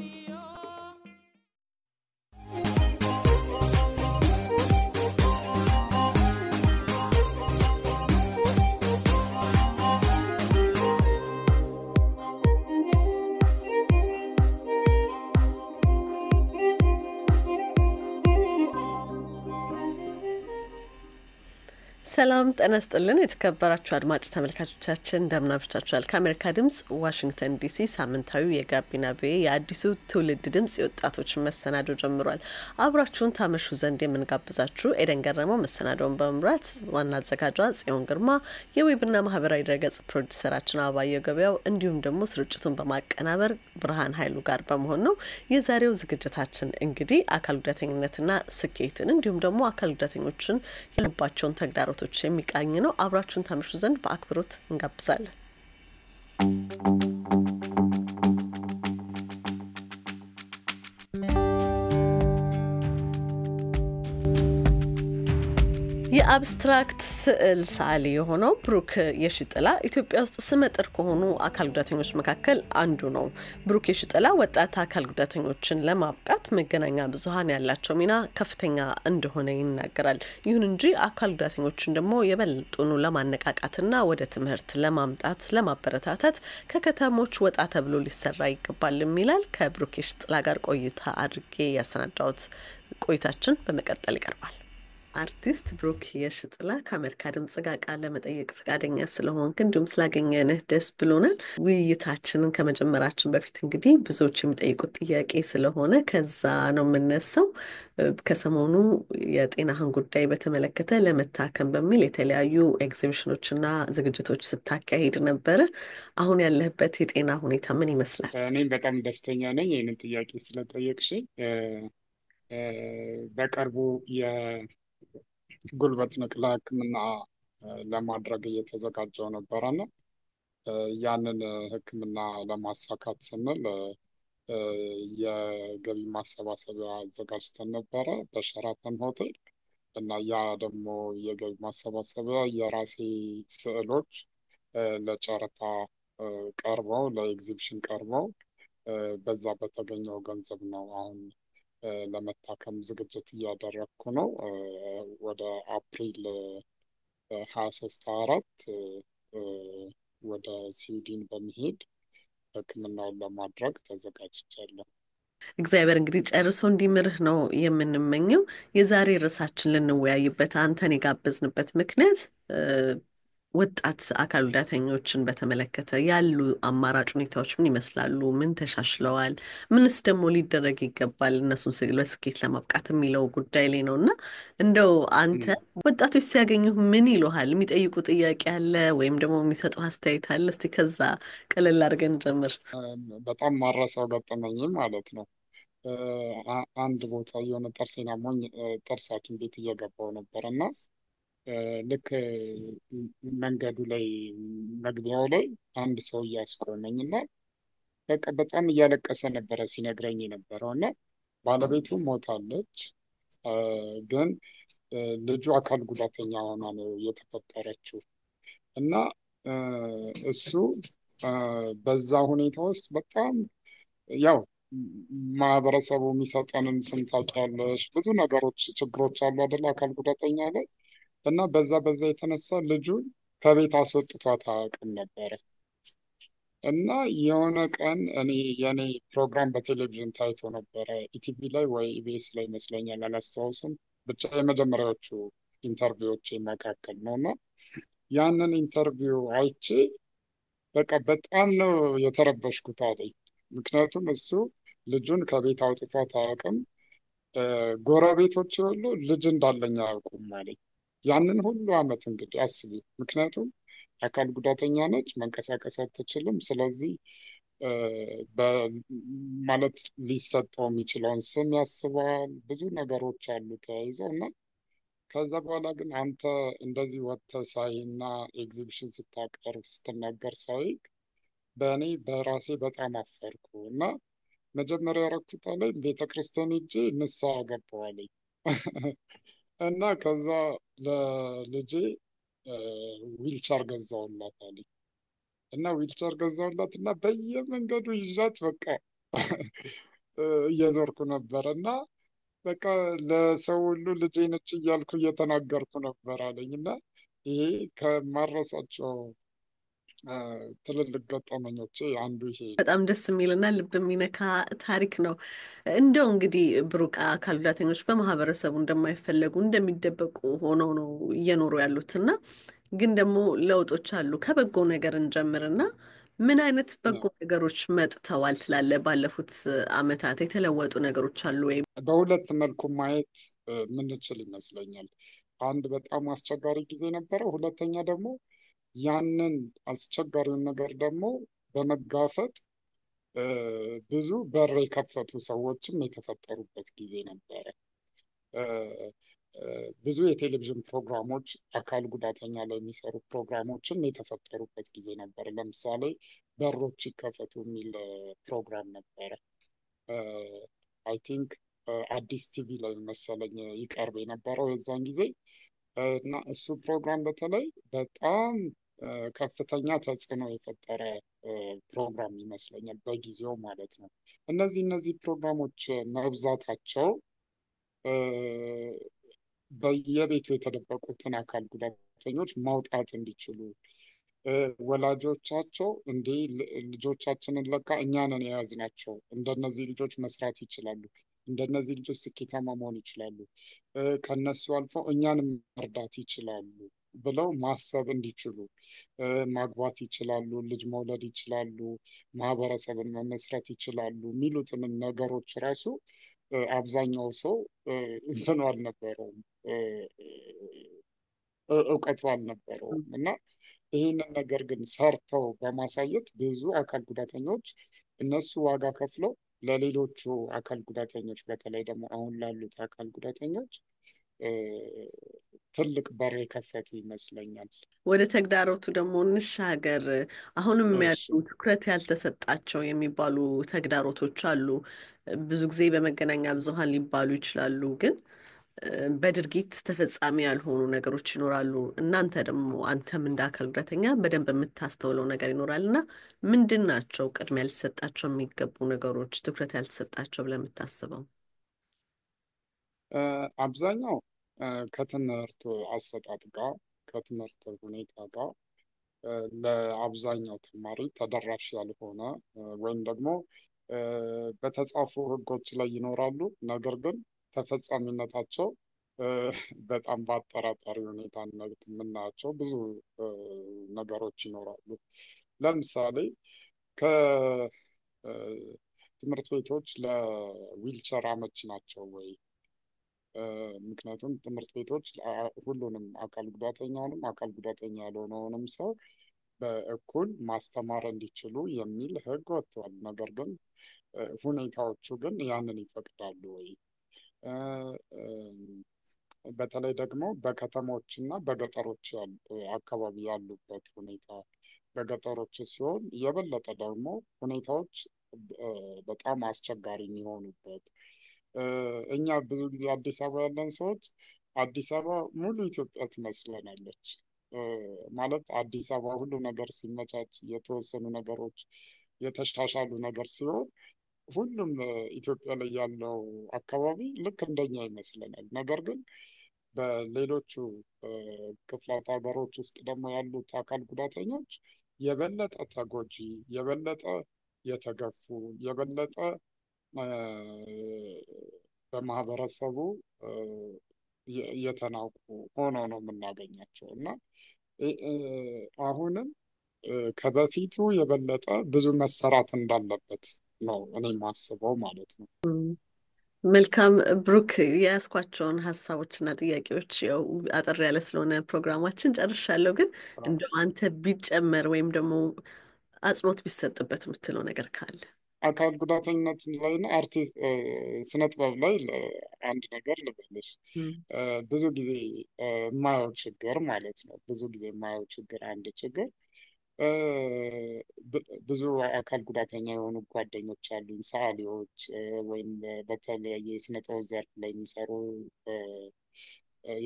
Dios. ሰላም ጠነስጥልን የተከበራችሁ አድማጭ ተመልካቾቻችን እንደምን ከአሜሪካ ድምጽ ዋሽንግተን ዲሲ ሳምንታዊ የጋቢና ቪ የአዲሱ ትውልድ ድምጽ የወጣቶች መሰናዶ ጀምሯል። አብራችሁን ታመሹ ዘንድ የምንጋብዛችሁ ኤደን ገረመው መሰናዶውን በመምራት ዋና አዘጋጇ ጽዮን ግርማ፣ የዌብና ማህበራዊ ድረገጽ ፕሮዲሰራችን አበባየሁ ገበያው እንዲሁም ደግሞ ስርጭቱን በማቀናበር ብርሃን ኃይሉ ጋር በመሆን ነው። የዛሬው ዝግጅታችን እንግዲህ አካል ጉዳተኝነትና ስኬትን እንዲሁም ደግሞ አካል ጉዳተኞችን ያሉባቸውን ተግዳሮቶች ዝግጅቶች የሚቃኝ ነው። አብራችሁን ታምሹ ዘንድ በአክብሮት እንጋብዛለን። የአብስትራክት ስዕል ሳሊ የሆነው ብሩክ የሽጥላ ኢትዮጵያ ውስጥ ስመጥር ከሆኑ አካል ጉዳተኞች መካከል አንዱ ነው። ብሩክ የሽጥላ ወጣት አካል ጉዳተኞችን ለማብቃት መገናኛ ብዙኃን ያላቸው ሚና ከፍተኛ እንደሆነ ይናገራል። ይሁን እንጂ አካል ጉዳተኞችን ደግሞ የበልጡኑ ለማነቃቃትና ወደ ትምህርት ለማምጣት ለማበረታታት ከከተሞች ወጣ ተብሎ ሊሰራ ይገባል ይላል። ከብሩክ የሽጥላ ጋር ቆይታ አድርጌ ያሰናዳሁት ቆይታችን በመቀጠል ይቀርባል። አርቲስት ብሩክ የሽጥላ ከአሜሪካ ድምጽ ጋር ቃል ለመጠየቅ ፈቃደኛ ስለሆንክ እንዲሁም ስላገኘንህ ደስ ብሎናል። ውይይታችንን ከመጀመራችን በፊት እንግዲህ ብዙዎች የሚጠይቁት ጥያቄ ስለሆነ ከዛ ነው የምነሳው። ከሰሞኑ የጤናህን ጉዳይ በተመለከተ ለመታከም በሚል የተለያዩ ኤግዚቢሽኖችና ዝግጅቶች ስታካሂድ ነበረ። አሁን ያለህበት የጤና ሁኔታ ምን ይመስላል? እኔም በጣም ደስተኛ ነኝ ይህንን ጥያቄ ስለጠየቅሽኝ። በቅርቡ ጉልበት ንቅለ ሕክምና ለማድረግ እየተዘጋጀው ነበረና ያንን ህክምና ለማሳካት ስንል የገቢ ማሰባሰቢያ አዘጋጅተን ነበረ በሸራተን ሆቴል እና ያ ደግሞ የገቢ ማሰባሰቢያ የራሴ ስዕሎች ለጨረታ ቀርበው ለኤግዚቢሽን ቀርበው በዛ በተገኘው ገንዘብ ነው አሁን ለመታከም ዝግጅት እያደረግኩ ነው። ወደ አፕሪል ሀያ ሶስት አራት ወደ ስዊድን በመሄድ ሕክምናውን ለማድረግ ተዘጋጅቻለሁ። እግዚአብሔር እንግዲህ ጨርሶ እንዲምርህ ነው የምንመኘው። የዛሬ ርዕሳችን ልንወያይበት አንተን የጋበዝንበት ምክንያት ወጣት አካል ጉዳተኞችን በተመለከተ ያሉ አማራጭ ሁኔታዎች ምን ይመስላሉ? ምን ተሻሽለዋል? ምንስ ደግሞ ሊደረግ ይገባል እነሱን በስኬት ለማብቃት የሚለው ጉዳይ ላይ ነው እና እንደው አንተ ወጣቶች ሲያገኙ ምን ይሉሃል? የሚጠይቁ ጥያቄ አለ ወይም ደግሞ የሚሰጡ አስተያየት አለ? እስቲ ከዛ ቀለል አድርገን ጀምር። በጣም ማረሰው ገጠመኝም ማለት ነው አንድ ቦታ የሆነ ጥርሴን አሞኝ ጥርስ ሐኪም ቤት እየገባው ነበር እና ልክ መንገዱ ላይ መግቢያው ላይ አንድ ሰው እያስቆመኝ እና በቃ በጣም እያለቀሰ ነበረ ሲነግረኝ የነበረው እና ባለቤቱ ሞታለች፣ ግን ልጁ አካል ጉዳተኛ ሆና ነው የተፈጠረችው እና እሱ በዛ ሁኔታ ውስጥ በጣም ያው ማህበረሰቡ የሚሰጠንን ስም ታውቂያለሽ፣ ብዙ ነገሮች ችግሮች አሉ አይደለ? አካል ጉዳተኛ ላይ እና በዛ በዛ የተነሳ ልጁን ከቤት አስወጥቷት አያውቅም ነበረ። እና የሆነ ቀን እኔ የኔ ፕሮግራም በቴሌቪዥን ታይቶ ነበረ ኢቲቪ ላይ ወይ ኢቢኤስ ላይ ይመስለኛል፣ አላስታውስም። ብቻ የመጀመሪያዎቹ ኢንተርቪዎች መካከል ነው እና ያንን ኢንተርቪው አይቼ በቃ በጣም ነው የተረበሽኩት አለኝ። ምክንያቱም እሱ ልጁን ከቤት አውጥቷት አያውቅም፣ ጎረቤቶች ሁሉ ልጅ እንዳለኝ አያውቁም አለኝ። ያንን ሁሉ አመት እንግዲህ አስቢ። ምክንያቱም አካል ጉዳተኛ ነች፣ መንቀሳቀስ አትችልም። ስለዚህ ማለት ሊሰጠው የሚችለውን ስም ያስባል። ብዙ ነገሮች አሉ ተያይዘው እና ከዛ በኋላ ግን አንተ እንደዚህ ወጥተህ ሳይና ኤግዚቢሽን ስታቀርብ ስትናገር ሳይግ በእኔ በራሴ በጣም አፈርኩ እና መጀመሪያ ረኩታ ላይ ቤተክርስቲያን ሄጄ ንስሐ ገባዋለኝ እና ከዛ ለልጄ ዊልቸር ገዛውላት አለ እና ዊልቸር ገዛውላት እና በየመንገዱ ይዣት በቃ እየዞርኩ ነበር እና በቃ ለሰው ሁሉ ልጄ ነች እያልኩ እየተናገርኩ ነበር አለኝ እና ይሄ ከማረሳቸው ትልልቅ ገጠመኞች አንዱ ይሄ በጣም ደስ የሚልና ልብ የሚነካ ታሪክ ነው። እንደው እንግዲህ ብሩቃ አካል ጉዳተኞች በማህበረሰቡ እንደማይፈለጉ እንደሚደበቁ ሆነው ነው እየኖሩ ያሉት እና ግን ደግሞ ለውጦች አሉ። ከበጎ ነገር እንጀምርና ምን አይነት በጎ ነገሮች መጥተዋል ትላለ ባለፉት አመታት የተለወጡ ነገሮች አሉ ወይም በሁለት መልኩ ማየት ምንችል ይመስለኛል። አንድ በጣም አስቸጋሪ ጊዜ ነበረ። ሁለተኛ ደግሞ ያንን አስቸጋሪውን ነገር ደግሞ በመጋፈጥ ብዙ በር የከፈቱ ሰዎችም የተፈጠሩበት ጊዜ ነበረ። ብዙ የቴሌቪዥን ፕሮግራሞች አካል ጉዳተኛ ላይ የሚሰሩ ፕሮግራሞችም የተፈጠሩበት ጊዜ ነበር። ለምሳሌ በሮች ይከፈቱ የሚል ፕሮግራም ነበረ። አይ ቲንክ አዲስ ቲቪ ላይ መሰለኝ ይቀርብ የነበረው የዛን ጊዜ እና እሱ ፕሮግራም በተለይ በጣም ከፍተኛ ተጽዕኖ የፈጠረ ፕሮግራም ይመስለኛል፣ በጊዜው ማለት ነው። እነዚህ እነዚህ ፕሮግራሞች መብዛታቸው በየቤቱ የተደበቁትን አካል ጉዳተኞች ማውጣት እንዲችሉ ወላጆቻቸው እንዲህ ልጆቻችንን ለካ እኛንን የያዝናቸው እንደነዚህ ልጆች መስራት ይችላሉ፣ እንደነዚህ ልጆች ስኬታማ መሆን ይችላሉ፣ ከነሱ አልፎ እኛንም መርዳት ይችላሉ ብለው ማሰብ እንዲችሉ ማግባት ይችላሉ፣ ልጅ መውለድ ይችላሉ፣ ማህበረሰብን መመስረት ይችላሉ የሚሉትን ነገሮች ራሱ አብዛኛው ሰው እንትኑ አልነበረውም፣ እውቀቱ አልነበረውም። እና ይህንን ነገር ግን ሰርተው በማሳየት ብዙ አካል ጉዳተኞች እነሱ ዋጋ ከፍለው ለሌሎቹ አካል ጉዳተኞች በተለይ ደግሞ አሁን ላሉት አካል ጉዳተኞች ትልቅ በር የከፈቱ ይመስለኛል። ወደ ተግዳሮቱ ደግሞ እንሻገር። አሁንም ያሉ ትኩረት ያልተሰጣቸው የሚባሉ ተግዳሮቶች አሉ። ብዙ ጊዜ በመገናኛ ብዙኃን ሊባሉ ይችላሉ፣ ግን በድርጊት ተፈጻሚ ያልሆኑ ነገሮች ይኖራሉ። እናንተ ደግሞ አንተም እንደ አካል ጉዳተኛ በደንብ የምታስተውለው ነገር ይኖራል እና ምንድን ናቸው ቅድሚያ ሊሰጣቸው የሚገቡ ነገሮች ትኩረት ያልተሰጣቸው ብለህ የምታስበው? አብዛኛው ከትምህርት አሰጣጥ ጋር ከትምህርት ሁኔታ ጋር ለአብዛኛው ተማሪ ተደራሽ ያልሆነ ወይም ደግሞ በተጻፉ ህጎች ላይ ይኖራሉ፣ ነገር ግን ተፈጻሚነታቸው በጣም በአጠራጣሪ ሁኔታ የምናያቸው ብዙ ነገሮች ይኖራሉ። ለምሳሌ ከትምህርት ቤቶች ለዊልቸር አመች ናቸው ወይ ምክንያቱም ትምህርት ቤቶች ሁሉንም አካል ጉዳተኛውንም አካል ጉዳተኛ ያልሆነውንም ሰው በእኩል ማስተማር እንዲችሉ የሚል ህግ ወጥቷል። ነገር ግን ሁኔታዎቹ ግን ያንን ይፈቅዳሉ ወይ? በተለይ ደግሞ በከተሞች እና በገጠሮች አካባቢ ያሉበት ሁኔታ በገጠሮች ሲሆን የበለጠ ደግሞ ሁኔታዎች በጣም አስቸጋሪ የሚሆኑበት እኛ ብዙ ጊዜ አዲስ አበባ ያለን ሰዎች አዲስ አበባ ሙሉ ኢትዮጵያ ትመስለናለች። ማለት አዲስ አበባ ሁሉ ነገር ሲመቻች የተወሰኑ ነገሮች የተሻሻሉ ነገር ሲሆን ሁሉም ኢትዮጵያ ላይ ያለው አካባቢ ልክ እንደኛ ይመስለናል። ነገር ግን በሌሎቹ ክፍላት ሀገሮች ውስጥ ደግሞ ያሉት አካል ጉዳተኞች የበለጠ ተጎጂ፣ የበለጠ የተገፉ፣ የበለጠ በማህበረሰቡ የተናቁ ሆኖ ነው የምናገኛቸው እና አሁንም ከበፊቱ የበለጠ ብዙ መሰራት እንዳለበት ነው እኔ ማስበው ማለት ነው። መልካም ብሩክ፣ የያዝኳቸውን ሀሳቦችና ጥያቄዎች ያው አጠር ያለ ስለሆነ ፕሮግራማችን ጨርሻለሁ። ግን እንደ አንተ ቢጨመር ወይም ደግሞ አጽንኦት ቢሰጥበት የምትለው ነገር ካለ አካል ጉዳተኝነት ላይ እና አርቲስት ስነ ጥበብ ላይ አንድ ነገር ልበልሽ፣ ብዙ ጊዜ የማየው ችግር ማለት ነው። ብዙ ጊዜ የማየው ችግር አንድ ችግር ብዙ አካል ጉዳተኛ የሆኑ ጓደኞች አሉኝ፣ ሰዓሊዎች ወይም በተለያየ የስነ ጥበብ ዘርፍ ላይ የሚሰሩ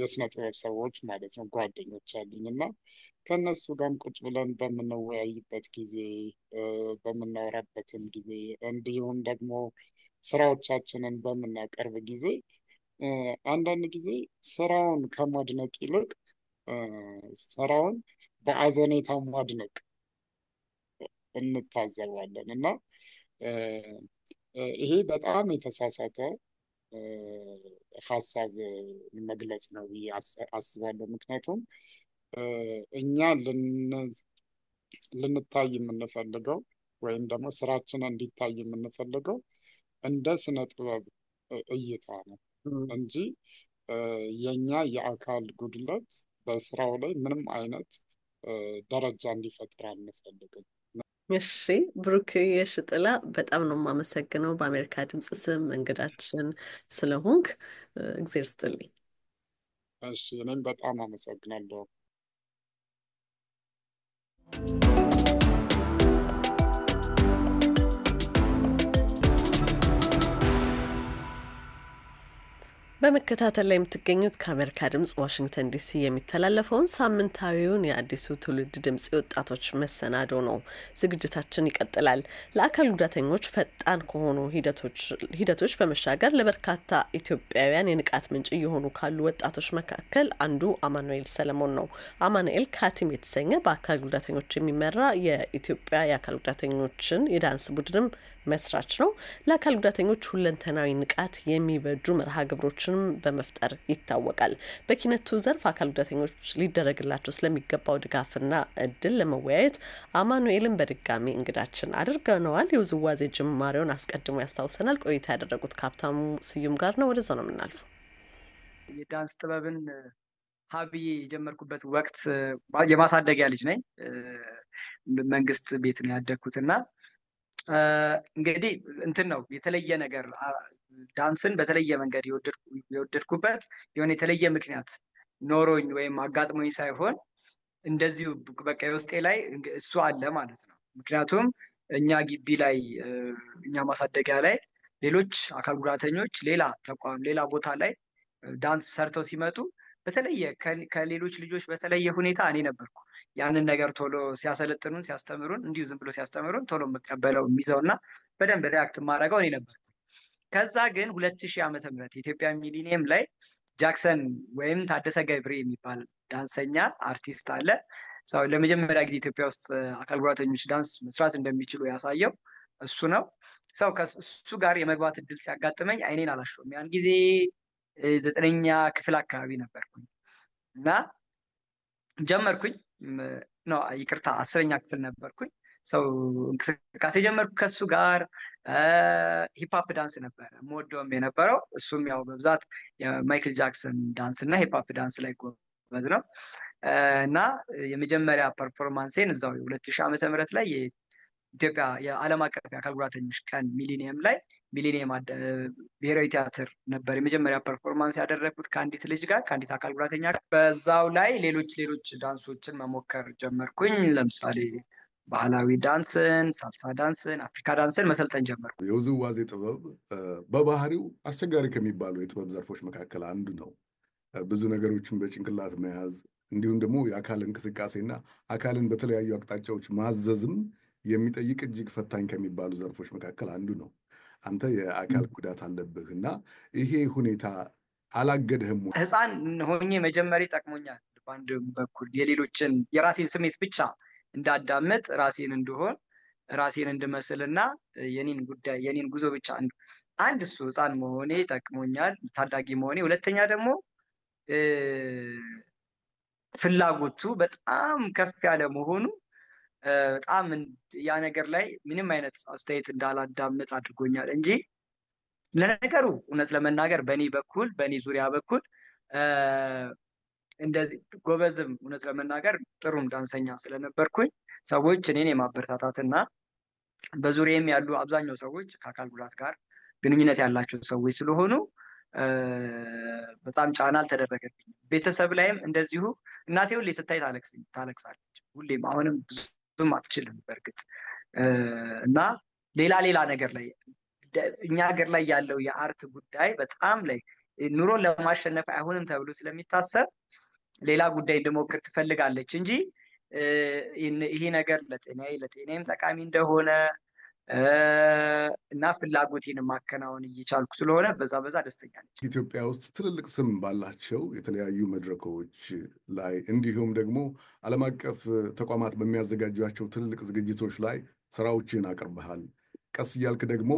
የስነ ጥበብ ሰዎች ማለት ነው ጓደኞች አሉኝ እና ከእነሱ ጋርም ቁጭ ብለን በምንወያይበት ጊዜ በምናወራበትም ጊዜ እንዲሁም ደግሞ ስራዎቻችንን በምናቀርብ ጊዜ አንዳንድ ጊዜ ስራውን ከማድነቅ ይልቅ ስራውን በአዘኔታ ማድነቅ እንታዘባለን እና ይሄ በጣም የተሳሳተ ሀሳብ መግለጽ ነው ብዬ አስባለሁ። ምክንያቱም እኛ ልንታይ የምንፈልገው ወይም ደግሞ ስራችን እንዲታይ የምንፈልገው እንደ ስነ ጥበብ እይታ ነው እንጂ የኛ የአካል ጉድለት በስራው ላይ ምንም አይነት ደረጃ እንዲፈጥር አንፈልግም። እሺ ብሩክ የሽጥላ በጣም ነው የማመሰግነው በአሜሪካ ድምፅ ስም እንግዳችን ስለሆንክ እግዜር ስጥልኝ። እሺ እኔም በጣም አመሰግናለሁ። በመከታተል ላይ የምትገኙት ከአሜሪካ ድምጽ ዋሽንግተን ዲሲ የሚተላለፈውን ሳምንታዊውን የአዲሱ ትውልድ ድምጽ የወጣቶች መሰናዶ ነው። ዝግጅታችን ይቀጥላል። ለአካል ጉዳተኞች ፈጣን ከሆኑ ሂደቶች በመሻገር ለበርካታ ኢትዮጵያውያን የንቃት ምንጭ እየሆኑ ካሉ ወጣቶች መካከል አንዱ አማኑኤል ሰለሞን ነው። አማኑኤል ካቲም የተሰኘ በአካል ጉዳተኞች የሚመራ የኢትዮጵያ የአካል ጉዳተኞችን የዳንስ ቡድንም መስራች ነው። ለአካል ጉዳተኞች ሁለንተናዊ ንቃት የሚበጁ መርሃ ግብሮችን ስራዎችንም በመፍጠር ይታወቃል። በኪነቱ ዘርፍ አካል ጉዳተኞች ሊደረግላቸው ስለሚገባው ድጋፍና እድል ለመወያየት አማኑኤልን በድጋሚ እንግዳችን አድርገነዋል። የውዝዋዜ ጅማሬውን አስቀድሞ ያስታውሰናል። ቆይታ ያደረጉት ከሀብታሙ ስዩም ጋር ነው። ወደዛ ነው የምናልፈው። የዳንስ ጥበብን ሀብዬ የጀመርኩበት ወቅት የማሳደጊያ ልጅ ነኝ። መንግስት ቤት ነው ያደግኩት እና እንግዲህ እንትን ነው የተለየ ነገር ዳንስን በተለየ መንገድ የወደድኩበት የሆነ የተለየ ምክንያት ኖሮኝ ወይም አጋጥሞኝ ሳይሆን እንደዚሁ በቃ የውስጤ ላይ እሱ አለ ማለት ነው። ምክንያቱም እኛ ግቢ ላይ እኛ ማሳደጊያ ላይ ሌሎች አካል ጉዳተኞች ሌላ ተቋም ሌላ ቦታ ላይ ዳንስ ሰርተው ሲመጡ በተለየ ከሌሎች ልጆች በተለየ ሁኔታ እኔ ነበርኩ ያንን ነገር ቶሎ ሲያሰለጥኑን ሲያስተምሩን፣ እንዲሁ ዝም ብሎ ሲያስተምሩን ቶሎ የምቀበለው የሚይዘው እና በደንብ ሪያክት የማደርገው እኔ ነበር። ከዛ ግን ሁለት ሺህ ዓመተ ምህረት የኢትዮጵያ ሚሊኒየም ላይ ጃክሰን ወይም ታደሰ ገብሬ የሚባል ዳንሰኛ አርቲስት አለ። ሰው ለመጀመሪያ ጊዜ ኢትዮጵያ ውስጥ አካል ጉዳተኞች ዳንስ መስራት እንደሚችሉ ያሳየው እሱ ነው። ሰው ከእሱ ጋር የመግባት እድል ሲያጋጥመኝ አይኔን አላሸውም። ያን ጊዜ ዘጠነኛ ክፍል አካባቢ ነበርኩኝ እና ጀመርኩኝ። ይቅርታ አስረኛ ክፍል ነበርኩኝ። ሰው እንቅስቃሴ ጀመርኩ ከሱ ጋር ሂፓፕ ዳንስ ነበረ መወደውም የነበረው እሱም ያው በብዛት የማይክል ጃክሰን ዳንስ እና ሂፓፕ ዳንስ ላይ ጎበዝ ነው እና የመጀመሪያ ፐርፎርማንሴን እዛው የሁለት ሺ ዓመተ ምህረት ላይ የኢትዮጵያ የዓለም አቀፍ የአካል ጉዳተኞች ቀን ሚሊኒየም ላይ ሚሊኒየም ብሔራዊ ቲያትር ነበር የመጀመሪያ ፐርፎርማንስ ያደረግኩት ከአንዲት ልጅ ጋር ከአንዲት አካል ጉዳተኛ በዛው ላይ ሌሎች ሌሎች ዳንሶችን መሞከር ጀመርኩኝ ለምሳሌ ባህላዊ ዳንስን፣ ሳልሳ ዳንስን፣ አፍሪካ ዳንስን መሰልጠን ጀመርኩ። የውዝዋዜ ጥበብ በባህሪው አስቸጋሪ ከሚባሉ የጥበብ ዘርፎች መካከል አንዱ ነው። ብዙ ነገሮችን በጭንቅላት መያዝ እንዲሁም ደግሞ የአካል እንቅስቃሴና አካልን በተለያዩ አቅጣጫዎች ማዘዝም የሚጠይቅ እጅግ ፈታኝ ከሚባሉ ዘርፎች መካከል አንዱ ነው። አንተ የአካል ጉዳት አለብህ እና ይሄ ሁኔታ አላገደህም? ህፃን ሆኜ መጀመሪ ጠቅሞኛል። በአንድ በኩል የሌሎችን የራሴን ስሜት ብቻ እንዳዳመጥ ራሴን እንድሆን ራሴን እንድመስልና የኔን ጉዳይ የኔን ጉዞ ብቻ አንዱ አንድ እሱ ህፃን መሆኔ ጠቅሞኛል፣ ታዳጊ መሆኔ። ሁለተኛ ደግሞ ፍላጎቱ በጣም ከፍ ያለ መሆኑ በጣም ያ ነገር ላይ ምንም አይነት አስተያየት እንዳላዳምጥ አድርጎኛል እንጂ ለነገሩ እውነት ለመናገር በእኔ በኩል በእኔ ዙሪያ በኩል እንደዚህ ጎበዝም እውነት ለመናገር ጥሩም ዳንሰኛ ስለነበርኩኝ ሰዎች እኔን የማበረታታትና በዙሪያም ያሉ አብዛኛው ሰዎች ከአካል ጉዳት ጋር ግንኙነት ያላቸው ሰዎች ስለሆኑ በጣም ጫና አልተደረገብኝ ቤተሰብ ላይም እንደዚሁ እናቴ ሁሌ ስታይ ታለቅሳለች። ሁሌም አሁንም ብዙም አትችልም በእርግጥ እና ሌላ ሌላ ነገር ላይ እኛ ሀገር ላይ ያለው የአርት ጉዳይ በጣም ላይ ኑሮን ለማሸነፍ አይሆንም ተብሎ ስለሚታሰብ ሌላ ጉዳይ እንድሞክር ትፈልጋለች እንጂ ይህ ነገር ለጤና ለጤናም ጠቃሚ እንደሆነ እና ፍላጎቴን ማከናወን እየቻልኩ ስለሆነ በዛ በዛ ደስተኛ ነች። ኢትዮጵያ ውስጥ ትልልቅ ስም ባላቸው የተለያዩ መድረኮች ላይ እንዲሁም ደግሞ ዓለም አቀፍ ተቋማት በሚያዘጋጇቸው ትልልቅ ዝግጅቶች ላይ ስራዎችን አቅርበሃል። ቀስ እያልክ ደግሞ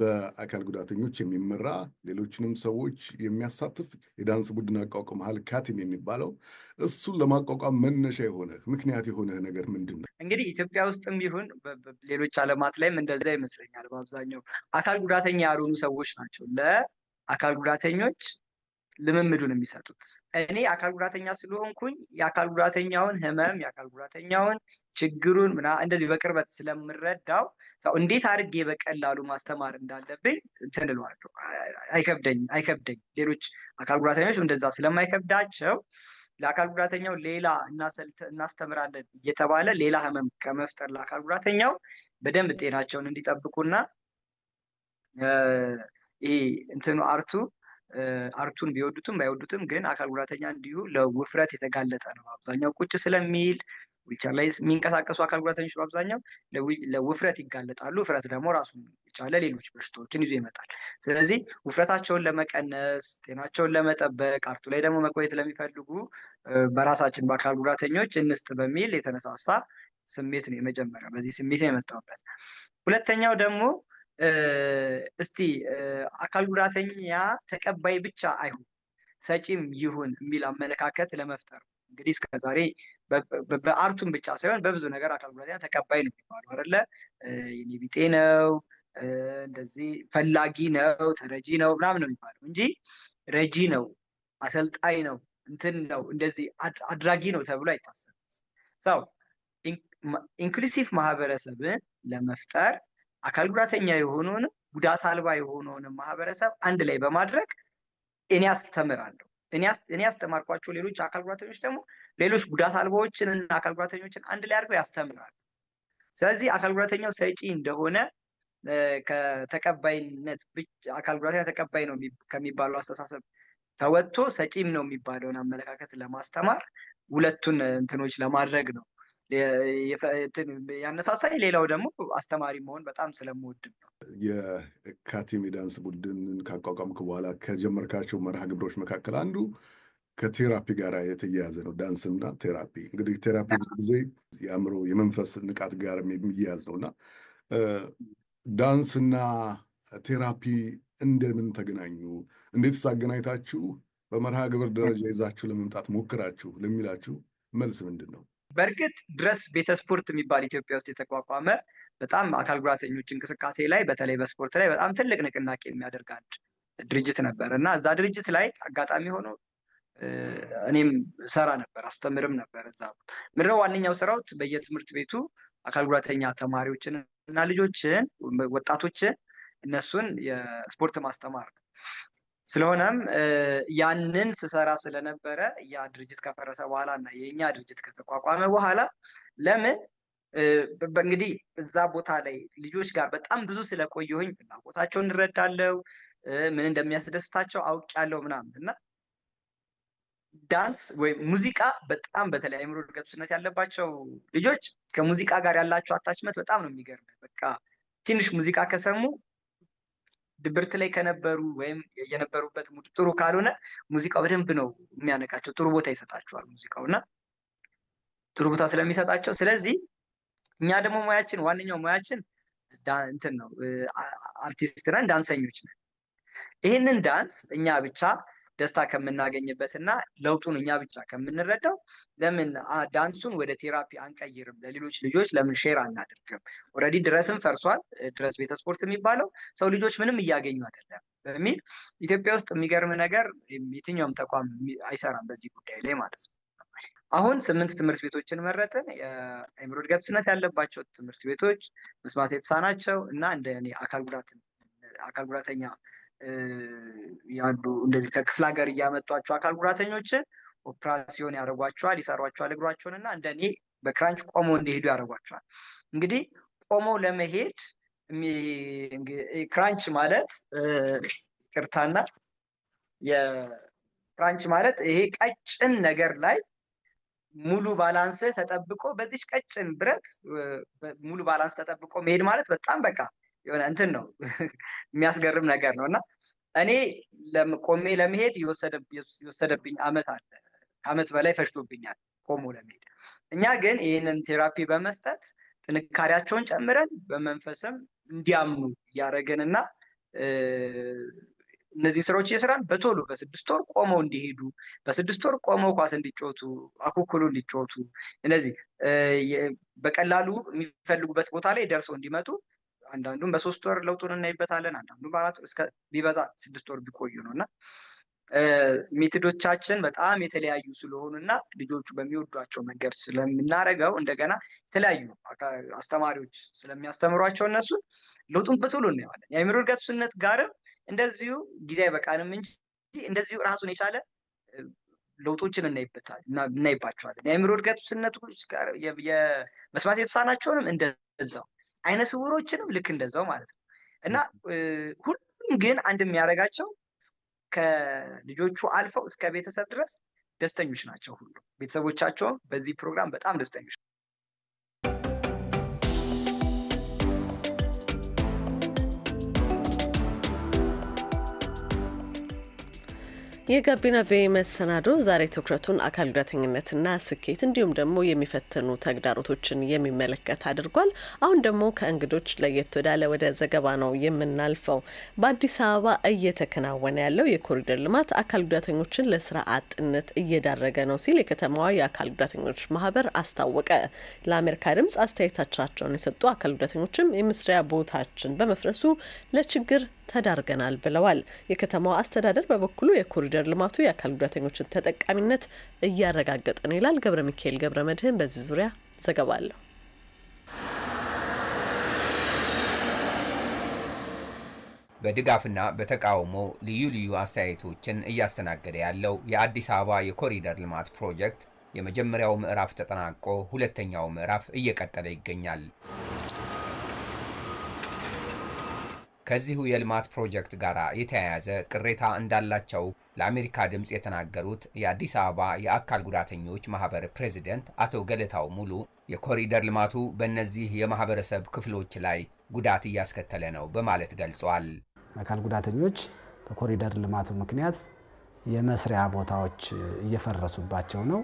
በአካል ጉዳተኞች የሚመራ ሌሎችንም ሰዎች የሚያሳትፍ የዳንስ ቡድን አቋቁመሃል፣ ካቲም የሚባለው እሱን ለማቋቋም መነሻ የሆነህ ምክንያት የሆነህ ነገር ምንድን ነው? እንግዲህ ኢትዮጵያ ውስጥም ቢሆን ሌሎች ዓለማት ላይም እንደዛ ይመስለኛል። በአብዛኛው አካል ጉዳተኛ ያልሆኑ ሰዎች ናቸው ለአካል ጉዳተኞች ልምምዱን የሚሰጡት እኔ አካል ጉዳተኛ ስለሆንኩኝ የአካል ጉዳተኛውን ህመም የአካል ጉዳተኛውን ችግሩን ምና እንደዚህ በቅርበት ስለምረዳው ሰው እንዴት አድርጌ በቀላሉ ማስተማር እንዳለብኝ እንትን አይከብደኝ አይከብደኝ ሌሎች አካል ጉዳተኞች እንደዛ ስለማይከብዳቸው ለአካል ጉዳተኛው ሌላ እናስተምራለን እየተባለ ሌላ ህመም ከመፍጠር ለአካል ጉዳተኛው በደንብ ጤናቸውን እንዲጠብቁና ይሄ እንትኑ አርቱ አርቱን ቢወዱትም ባይወዱትም ግን አካል ጉዳተኛ እንዲሁ ለውፍረት የተጋለጠ ነው። አብዛኛው ቁጭ ስለሚል ዊልቸር ላይ የሚንቀሳቀሱ አካል ጉዳተኞች በአብዛኛው ለውፍረት ይጋለጣሉ። ውፍረት ደግሞ ራሱ የቻለ ሌሎች በሽታዎችን ይዞ ይመጣል። ስለዚህ ውፍረታቸውን ለመቀነስ፣ ጤናቸውን ለመጠበቅ፣ አርቱ ላይ ደግሞ መቆየት ለሚፈልጉ በራሳችን በአካል ጉዳተኞች እንስጥ በሚል የተነሳሳ ስሜት ነው የመጀመሪያው። በዚህ ስሜት ነው የመጣውበት ሁለተኛው ደግሞ እስቲ አካል ጉዳተኛ ተቀባይ ብቻ አይሁን ሰጪም ይሁን የሚል አመለካከት ለመፍጠር እንግዲህ ዛሬ በአርቱን ብቻ ሳይሆን በብዙ ነገር አካል ጉዳተኛ ተቀባይ ነው የሚባሉ አይደለ? የኔ ቢጤ ነው፣ እንደዚህ ፈላጊ ነው፣ ተረጂ ነው ምናምን ነው የሚባለው እንጂ ረጂ ነው፣ አሰልጣኝ ነው፣ እንትን ነው፣ እንደዚህ አድራጊ ነው ተብሎ አይታሰብም። ሰው ኢንክሉሲቭ ማህበረሰብን ለመፍጠር አካል ጉዳተኛ የሆነውንም ጉዳት አልባ የሆነውንም ማህበረሰብ አንድ ላይ በማድረግ እኔ አስተምራለሁ። እኔ ያስተማርኳቸው ሌሎች አካል ጉዳተኞች ደግሞ ሌሎች ጉዳት አልባዎችን እና አካል ጉዳተኞችን አንድ ላይ አድርገው ያስተምራሉ። ስለዚህ አካል ጉዳተኛው ሰጪ እንደሆነ ከተቀባይነት አካል ጉዳተኛ ተቀባይ ነው ከሚባለው አስተሳሰብ ተወጥቶ ሰጪም ነው የሚባለውን አመለካከት ለማስተማር ሁለቱን እንትኖች ለማድረግ ነው ያነሳሳይ ሌላው ደግሞ አስተማሪ መሆን በጣም ስለምወድም ነው። የካቲሚ ቡድንን ካቋቋምክ በኋላ ከጀመርካቸው መርሃ ግብሮች መካከል አንዱ ከቴራፒ ጋር የተያያዘ ነው። ዳንስና ቴራፒ እንግዲህ ቴራፒ ብዙ ጊዜ የአእምሮ የመንፈስ ንቃት ጋር የሚያያዝ ነው እና ዳንስና ቴራፒ እንደምን ተገናኙ? እንዴትስ አገናኝታችሁ በመርሃ ግብር ደረጃ ይዛችሁ ለመምጣት ሞክራችሁ ለሚላችሁ መልስ ምንድን ነው? በእርግጥ ድረስ ቤተ ስፖርት የሚባል ኢትዮጵያ ውስጥ የተቋቋመ በጣም አካል ጉዳተኞች እንቅስቃሴ ላይ በተለይ በስፖርት ላይ በጣም ትልቅ ንቅናቄ የሚያደርግ አንድ ድርጅት ነበር እና እዛ ድርጅት ላይ አጋጣሚ ሆኖ እኔም ሰራ ነበር፣ አስተምርም ነበር። እዛ ምድረ ዋነኛው ስራውት በየትምህርት ቤቱ አካል ጉዳተኛ ተማሪዎችን እና ልጆችን፣ ወጣቶችን እነሱን የስፖርት ማስተማር ነው። ስለሆነም ያንን ስሰራ ስለነበረ ያ ድርጅት ከፈረሰ በኋላ እና የእኛ ድርጅት ከተቋቋመ በኋላ ለምን እንግዲህ እዛ ቦታ ላይ ልጆች ጋር በጣም ብዙ ስለቆየሁኝ ፍላጎታቸውን እንረዳለው፣ ምን እንደሚያስደስታቸው ያለው ምናምን እና ዳንስ ወይም ሙዚቃ በጣም በተለይ አይምሮ ገብስነት ያለባቸው ልጆች ከሙዚቃ ጋር ያላቸው አታችመት በጣም ነው የሚገርም። በቃ ትንሽ ሙዚቃ ከሰሙ ድብርት ላይ ከነበሩ ወይም የነበሩበት ሙድ ጥሩ ካልሆነ ሙዚቃው በደንብ ነው የሚያነቃቸው። ጥሩ ቦታ ይሰጣቸዋል ሙዚቃው እና ጥሩ ቦታ ስለሚሰጣቸው ስለዚህ እኛ ደግሞ ሙያችን ዋነኛው ሙያችን እንትን ነው፣ አርቲስት ነን፣ ዳንሰኞች ነን። ይህንን ዳንስ እኛ ብቻ ደስታ ከምናገኝበት እና ለውጡን እኛ ብቻ ከምንረዳው ለምን ዳንሱን ወደ ቴራፒ አንቀይርም? ለሌሎች ልጆች ለምን ሼር አናደርግም? ኦልሬዲ ድረስም ፈርሷል። ድረስ ቤተ ስፖርት የሚባለው ሰው ልጆች ምንም እያገኙ አይደለም በሚል ኢትዮጵያ ውስጥ የሚገርም ነገር የትኛውም ተቋም አይሰራም በዚህ ጉዳይ ላይ ማለት ነው። አሁን ስምንት ትምህርት ቤቶችን መረጥን። የአእምሮ እድገት ውስንነት ያለባቸው ትምህርት ቤቶች፣ መስማት የተሳናቸው እና እንደ አካል ጉዳተኛ ያሉ እንደዚህ ከክፍለ ሀገር እያመጧቸው አካል ጉዳተኞችን ኦፕራሲዮን ያደርጓቸዋል፣ ይሰሯቸዋል። እግሯቸውን እና እንደኔ በክራንች ቆመው እንዲሄዱ ያደርጓቸዋል። እንግዲህ ቆመው ለመሄድ ክራንች ማለት ቅርታና የክራንች ማለት ይሄ ቀጭን ነገር ላይ ሙሉ ባላንስ ተጠብቆ በዚች ቀጭን ብረት ሙሉ ባላንስ ተጠብቆ መሄድ ማለት በጣም በቃ የሆነ እንትን ነው የሚያስገርም ነገር ነው እና እኔ ቆሜ ለመሄድ የወሰደብኝ አመት አለ ከአመት በላይ ፈሽቶብኛል ቆሞ ለመሄድ እኛ ግን ይህንን ቴራፒ በመስጠት ጥንካሬያቸውን ጨምረን በመንፈስም እንዲያምኑ እያደረግን እና እነዚህ ስራዎች እየሰራን በቶሎ በስድስት ወር ቆመው እንዲሄዱ በስድስት ወር ቆመው ኳስ እንዲጮቱ አኩኩሉ እንዲጮቱ እነዚህ በቀላሉ የሚፈልጉበት ቦታ ላይ ደርሰው እንዲመጡ አንዳንዱም በሶስት ወር ለውጡን እናይበታለን። አንዳንዱ በአራት እስከ ቢበዛ ስድስት ወር ቢቆዩ ነው እና ሜትዶቻችን በጣም የተለያዩ ስለሆኑ እና ልጆቹ በሚወዷቸው መንገድ ስለምናደረገው እንደገና የተለያዩ አስተማሪዎች ስለሚያስተምሯቸው እነሱ ለውጡን በቶሎ እናየዋለን። የአይምሮ እድገት ውስንነት ጋርም እንደዚሁ ጊዜ አይበቃንም እንጂ እንደዚሁ ራሱን የቻለ ለውጦችን እናይባቸዋለን። የአይምሮ እድገት ውስንነቶች ጋር መስማት የተሳናቸውንም እንደዛው አይነ ስውሮችንም ልክ እንደዛው ማለት ነው እና ሁሉም ግን አንድ የሚያደርጋቸው ከልጆቹ አልፈው እስከ ቤተሰብ ድረስ ደስተኞች ናቸው። ሁሉ ቤተሰቦቻቸውም በዚህ ፕሮግራም በጣም ደስተኞች የጋቢና ቪ መሰናዶ ዛሬ ትኩረቱን አካል ጉዳተኝነትና ስኬት እንዲሁም ደግሞ የሚፈተኑ ተግዳሮቶችን የሚመለከት አድርጓል። አሁን ደግሞ ከእንግዶች ለየት ወዳለ ወደ ዘገባ ነው የምናልፈው። በአዲስ አበባ እየተከናወነ ያለው የኮሪደር ልማት አካል ጉዳተኞችን ለስራ አጥነት እየዳረገ ነው ሲል የከተማዋ የአካል ጉዳተኞች ማህበር አስታወቀ። ለአሜሪካ ድምጽ አስተያየታቸውን የሰጡ አካል ጉዳተኞችም የመስሪያ ቦታችን በመፍረሱ ለችግር ተዳርገናል ብለዋል። የከተማዋ አስተዳደር በበኩሉ የኮሪደር ልማቱ የአካል ጉዳተኞችን ተጠቃሚነት እያረጋገጠ ነው ይላል። ገብረ ሚካኤል ገብረ መድህን በዚህ ዙሪያ ዘገባ አለሁ። በድጋፍና በተቃውሞ ልዩ ልዩ አስተያየቶችን እያስተናገደ ያለው የአዲስ አበባ የኮሪደር ልማት ፕሮጀክት የመጀመሪያው ምዕራፍ ተጠናቆ ሁለተኛው ምዕራፍ እየቀጠለ ይገኛል። ከዚሁ የልማት ፕሮጀክት ጋር የተያያዘ ቅሬታ እንዳላቸው ለአሜሪካ ድምፅ የተናገሩት የአዲስ አበባ የአካል ጉዳተኞች ማህበር ፕሬዚደንት አቶ ገለታው ሙሉ የኮሪደር ልማቱ በእነዚህ የማህበረሰብ ክፍሎች ላይ ጉዳት እያስከተለ ነው በማለት ገልጿል። አካል ጉዳተኞች በኮሪደር ልማቱ ምክንያት የመስሪያ ቦታዎች እየፈረሱባቸው ነው።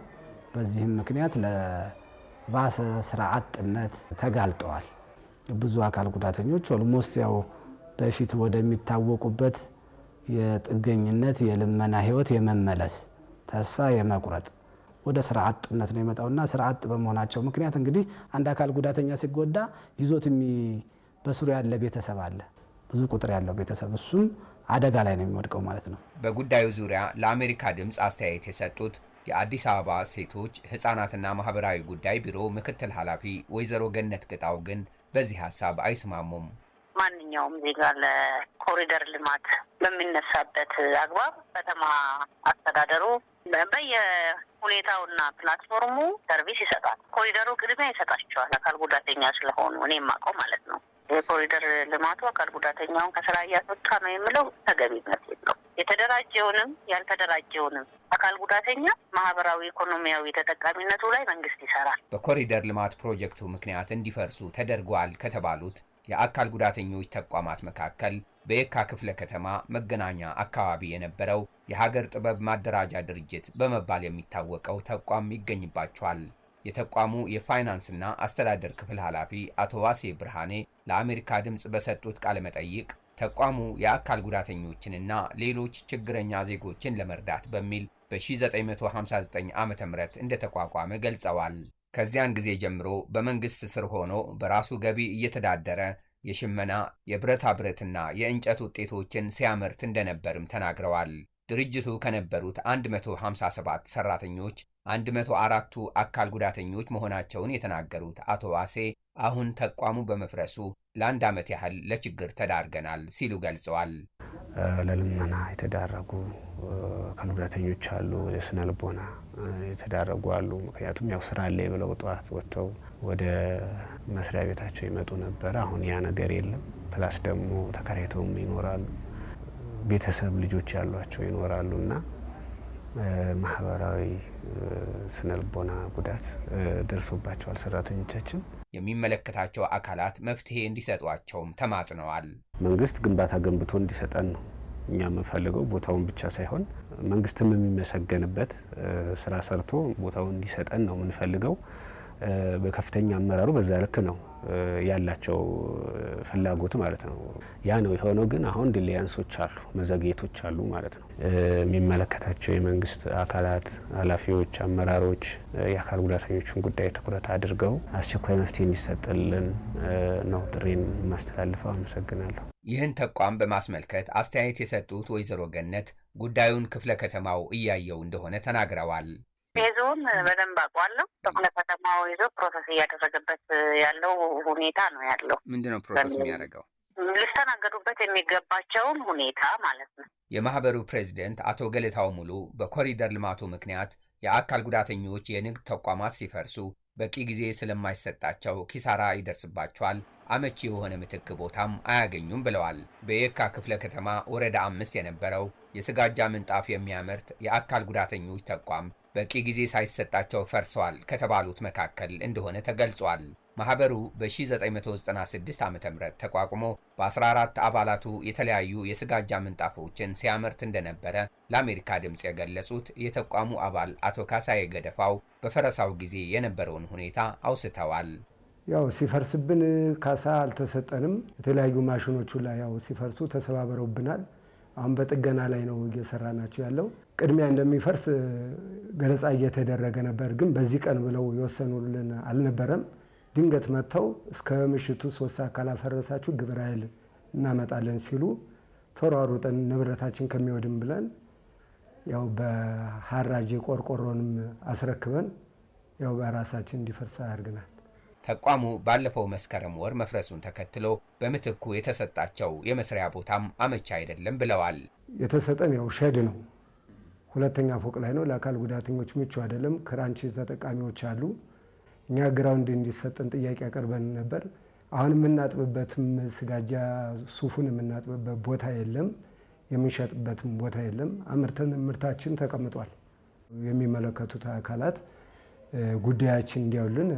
በዚህም ምክንያት ለባሰ ስራ አጥነት ተጋልጠዋል። ብዙ አካል ጉዳተኞች ኦልሞስት ያው በፊት ወደሚታወቁበት የጥገኝነት የልመና ህይወት የመመለስ ተስፋ የመቁረጥ ወደ ስራ አጥነት ነው የመጣውና ስራ አጥ በመሆናቸው ምክንያት እንግዲህ አንድ አካል ጉዳተኛ ሲጎዳ ይዞት በስሩ ያለ ቤተሰብ አለ፣ ብዙ ቁጥር ያለው ቤተሰብ እሱም አደጋ ላይ ነው የሚወድቀው ማለት ነው። በጉዳዩ ዙሪያ ለአሜሪካ ድምፅ አስተያየት የሰጡት የአዲስ አበባ ሴቶች ህጻናትና ማህበራዊ ጉዳይ ቢሮ ምክትል ኃላፊ ወይዘሮ ገነት ቅጣው ግን በዚህ ሀሳብ አይስማሙም። ማንኛውም ዜጋ ለኮሪደር ልማት በሚነሳበት አግባብ ከተማ አስተዳደሩ በየሁኔታውና ፕላትፎርሙ ሰርቪስ ይሰጣል። ኮሪደሩ ቅድሚያ ይሰጣቸዋል። አካል ጉዳተኛ ስለሆኑ እኔ የማውቀው ማለት ነው። የኮሪደር ልማቱ አካል ጉዳተኛውን ከስራ እያስወጣ ነው የሚለው ተገቢነት የለው የተደራጀውንም ያልተደራጀውንም አካል ጉዳተኛ ማህበራዊ፣ ኢኮኖሚያዊ ተጠቃሚነቱ ላይ መንግስት ይሰራል። በኮሪደር ልማት ፕሮጀክቱ ምክንያት እንዲፈርሱ ተደርጓል ከተባሉት የአካል ጉዳተኞች ተቋማት መካከል በየካ ክፍለ ከተማ መገናኛ አካባቢ የነበረው የሀገር ጥበብ ማደራጃ ድርጅት በመባል የሚታወቀው ተቋም ይገኝባቸዋል። የተቋሙ የፋይናንስና አስተዳደር ክፍል ኃላፊ አቶ ዋሴ ብርሃኔ ለአሜሪካ ድምፅ በሰጡት ቃለ መጠይቅ ተቋሙ የአካል ጉዳተኞችንና ሌሎች ችግረኛ ዜጎችን ለመርዳት በሚል በ1959 ዓ ም እንደተቋቋመ ገልጸዋል። ከዚያን ጊዜ ጀምሮ በመንግሥት ስር ሆኖ በራሱ ገቢ እየተዳደረ የሽመና የብረታ ብረትና የእንጨት ውጤቶችን ሲያመርት እንደነበርም ተናግረዋል። ድርጅቱ ከነበሩት 157 ሰራተኞች 104ቱ አካል ጉዳተኞች መሆናቸውን የተናገሩት አቶ ዋሴ አሁን ተቋሙ በመፍረሱ ለአንድ ዓመት ያህል ለችግር ተዳርገናል ሲሉ ገልጸዋል። ለልመና የተዳረጉ አካል ጉዳተኞች አሉ። የስነ ልቦና የተዳረጉ አሉ። ምክንያቱም ያው ስራ አለ ብለው ጠዋት ወጥተው ወደ መስሪያ ቤታቸው ይመጡ ነበረ። አሁን ያ ነገር የለም። ፕላስ ደግሞ ተከራይተውም ይኖራሉ፣ ቤተሰብ ልጆች ያሏቸው ይኖራሉ እና ማህበራዊ ስነልቦና ጉዳት ደርሶባቸዋል ሰራተኞቻችን። የሚመለከታቸው አካላት መፍትሄ እንዲሰጧቸውም ተማጽነዋል። መንግስት ግንባታ ገንብቶ እንዲሰጠን ነው እኛ የምንፈልገው ቦታውን ብቻ ሳይሆን መንግስትም የሚመሰገንበት ስራ ሰርቶ ቦታውን እንዲሰጠን ነው የምንፈልገው። በከፍተኛ አመራሩ በዛ ልክ ነው ያላቸው ፍላጎት ማለት ነው። ያ ነው የሆነው። ግን አሁን ዲሊያንሶች አሉ፣ መዘግየቶች አሉ ማለት ነው። የሚመለከታቸው የመንግስት አካላት ኃላፊዎች፣ አመራሮች የአካል ጉዳተኞችን ጉዳይ ትኩረት አድርገው አስቸኳይ መፍትሄ እንዲሰጥልን ነው ጥሬን የማስተላልፈው። አመሰግናለሁ። ይህን ተቋም በማስመልከት አስተያየት የሰጡት ወይዘሮ ገነት ጉዳዩን ክፍለ ከተማው እያየው እንደሆነ ተናግረዋል። ፌዞን በደንብ አውቋለሁ። ተኩለ ከተማው ይዞ ፕሮሰስ እያደረገበት ያለው ሁኔታ ነው ያለው። ምንድን ነው ፕሮሰስ የሚያደርገው? ሊስተናገዱበት የሚገባቸውን ሁኔታ ማለት ነው። የማህበሩ ፕሬዚደንት አቶ ገለታው ሙሉ በኮሪደር ልማቱ ምክንያት የአካል ጉዳተኞች የንግድ ተቋማት ሲፈርሱ በቂ ጊዜ ስለማይሰጣቸው ኪሳራ ይደርስባቸዋል፣ አመቺ የሆነ ምትክ ቦታም አያገኙም ብለዋል። በየካ ክፍለ ከተማ ወረዳ አምስት የነበረው የስጋጃ ምንጣፍ የሚያመርት የአካል ጉዳተኞች ተቋም በቂ ጊዜ ሳይሰጣቸው ፈርሰዋል ከተባሉት መካከል እንደሆነ ተገልጿል። ማህበሩ በ1996 ዓ ም ተቋቁሞ በ14 አባላቱ የተለያዩ የስጋጃ ምንጣፎችን ሲያመርት እንደነበረ ለአሜሪካ ድምፅ የገለጹት የተቋሙ አባል አቶ ካሳዬ ገደፋው በፈረሳው ጊዜ የነበረውን ሁኔታ አውስተዋል። ያው ሲፈርስብን ካሳ አልተሰጠንም። የተለያዩ ማሽኖቹ ላይ ያው ሲፈርሱ ተሰባብረውብናል። አሁን በጥገና ላይ ነው እየሰራ ናቸው ያለው። ቅድሚያ እንደሚፈርስ ገለጻ እየተደረገ ነበር፣ ግን በዚህ ቀን ብለው የወሰኑልን አልነበረም። ድንገት መጥተው እስከ ምሽቱ ሶስት ካላፈረሳችሁ ግብረ ኃይል እናመጣለን ሲሉ ተሯሩጠን ንብረታችን ከሚወድም ብለን ያው በሀራጅ ቆርቆሮንም አስረክበን ያው በራሳችን እንዲፈርስ አድርገናል። ተቋሙ ባለፈው መስከረም ወር መፍረሱን ተከትሎ በምትኩ የተሰጣቸው የመስሪያ ቦታም አመቻ አይደለም ብለዋል። የተሰጠን ያው ሸድ ነው፣ ሁለተኛ ፎቅ ላይ ነው። ለአካል ጉዳተኞች ምቹ አይደለም። ክራንች ተጠቃሚዎች አሉ። እኛ ግራውንድ እንዲሰጠን ጥያቄ ያቀርበን ነበር። አሁን የምናጥብበትም ስጋጃ ሱፉን የምናጥብበት ቦታ የለም፣ የምንሸጥበትም ቦታ የለም። አምርተን ምርታችን ተቀምጧል። የሚመለከቱት አካላት ጉዳያችን እንዲያውልን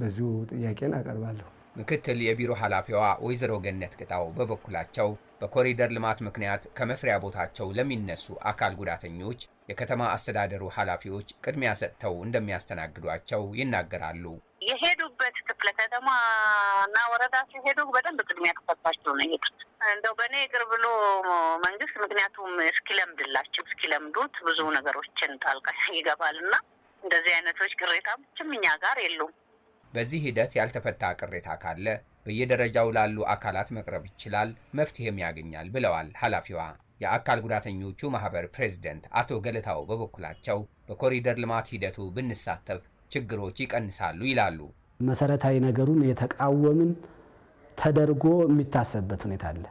በዚሁ ጥያቄን አቀርባለሁ። ምክትል የቢሮ ኃላፊዋ ወይዘሮ ገነት ቅጣው በበኩላቸው በኮሪደር ልማት ምክንያት ከመስሪያ ቦታቸው ለሚነሱ አካል ጉዳተኞች የከተማ አስተዳደሩ ኃላፊዎች ቅድሚያ ሰጥተው እንደሚያስተናግዷቸው ይናገራሉ። የሄዱበት ክፍለ ከተማ እና ወረዳ ሲሄዱ በደንብ ቅድሚያ ተሰጥቷቸው ነው የሄዱት። እንደው በእኔ እግር ብሎ መንግስት ምክንያቱም እስኪለምድላቸው እስኪለምዱት ብዙ ነገሮችን ጣልቃ ይገባል እና እንደዚህ አይነቶች ቅሬታዎችም እኛ ጋር የሉም። በዚህ ሂደት ያልተፈታ ቅሬታ ካለ በየደረጃው ላሉ አካላት መቅረብ ይችላል፣ መፍትሄም ያገኛል ብለዋል ኃላፊዋ። የአካል ጉዳተኞቹ ማህበር ፕሬዝደንት አቶ ገለታው በበኩላቸው በኮሪደር ልማት ሂደቱ ብንሳተፍ ችግሮች ይቀንሳሉ ይላሉ። መሰረታዊ ነገሩን የተቃወምን ተደርጎ የሚታሰብበት ሁኔታ አለ።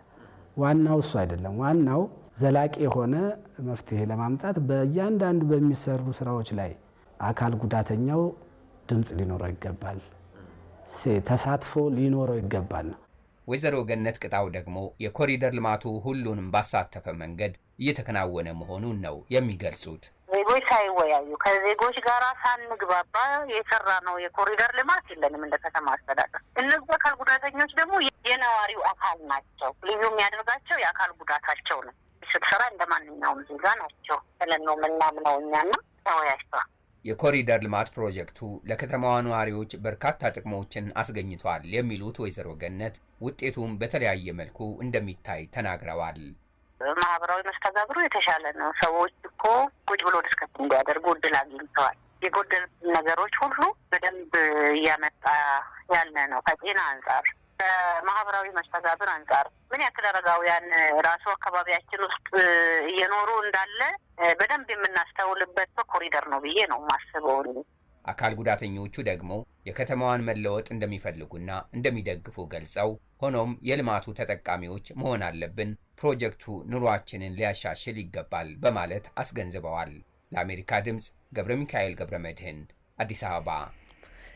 ዋናው እሱ አይደለም። ዋናው ዘላቂ የሆነ መፍትሄ ለማምጣት በእያንዳንዱ በሚሰሩ ስራዎች ላይ አካል ጉዳተኛው ድምፅ ሊኖረው ይገባል። ተሳትፎ ሊኖረው ይገባል ነው። ወይዘሮ ገነት ቅጣው ደግሞ የኮሪደር ልማቱ ሁሉንም ባሳተፈ መንገድ እየተከናወነ መሆኑን ነው የሚገልጹት። ዜጎች ሳይወያዩ ከዜጎች ጋር ሳንግባባ የሰራ ነው የኮሪደር ልማት የለንም እንደ ከተማ አስተዳደር። እነዚህ አካል ጉዳተኞች ደግሞ የነዋሪው አካል ናቸው። ልዩ የሚያደርጋቸው የአካል ጉዳታቸው ነው። ስትሰራ እንደ ማንኛውም ዜጋ ናቸው ብለን ነው የምናምነው እኛና ተወያይቷል የኮሪደር ልማት ፕሮጀክቱ ለከተማዋ ነዋሪዎች በርካታ ጥቅሞችን አስገኝቷል የሚሉት ወይዘሮ ገነት ውጤቱም በተለያየ መልኩ እንደሚታይ ተናግረዋል። ማህበራዊ መስተጋብሩ የተሻለ ነው። ሰዎች እኮ ቁጭ ብሎ ዲስከስ እንዲያደርጉ እድል አግኝተዋል። የጎደል ነገሮች ሁሉ በደንብ እያመጣ ያለ ነው። ከጤና አንጻር፣ ከማህበራዊ መስተጋብር አንጻር ምን ያክል አረጋውያን ራሱ አካባቢያችን ውስጥ እየኖሩ እንዳለ በደንብ የምናስተውልበት በኮሪደር ነው ብዬ ነው ማስበው አካል ጉዳተኞቹ ደግሞ የከተማዋን መለወጥ እንደሚፈልጉና እንደሚደግፉ ገልጸው፣ ሆኖም የልማቱ ተጠቃሚዎች መሆን አለብን፣ ፕሮጀክቱ ኑሯችንን ሊያሻሽል ይገባል በማለት አስገንዝበዋል። ለአሜሪካ ድምፅ ገብረ ሚካኤል ገብረ መድህን አዲስ አበባ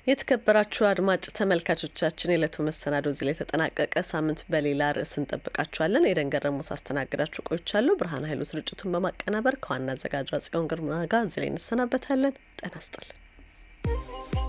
የተከበራችሁ አድማጭ ተመልካቾቻችን የዕለቱ መሰናዶ እዚህ ላይ የተጠናቀቀ። ሳምንት በሌላ ርዕስ እንጠብቃችኋለን። የደንገረሙ ገረሞ ሳስተናግዳችሁ ቆይቻለሁ። ብርሃን ኃይሉ ስርጭቱን በማቀናበር ከዋና አዘጋጇ ጽዮን ግርማ ጋር እዚህ ላይ እንሰናበታለን። ጤና ይስጥልን።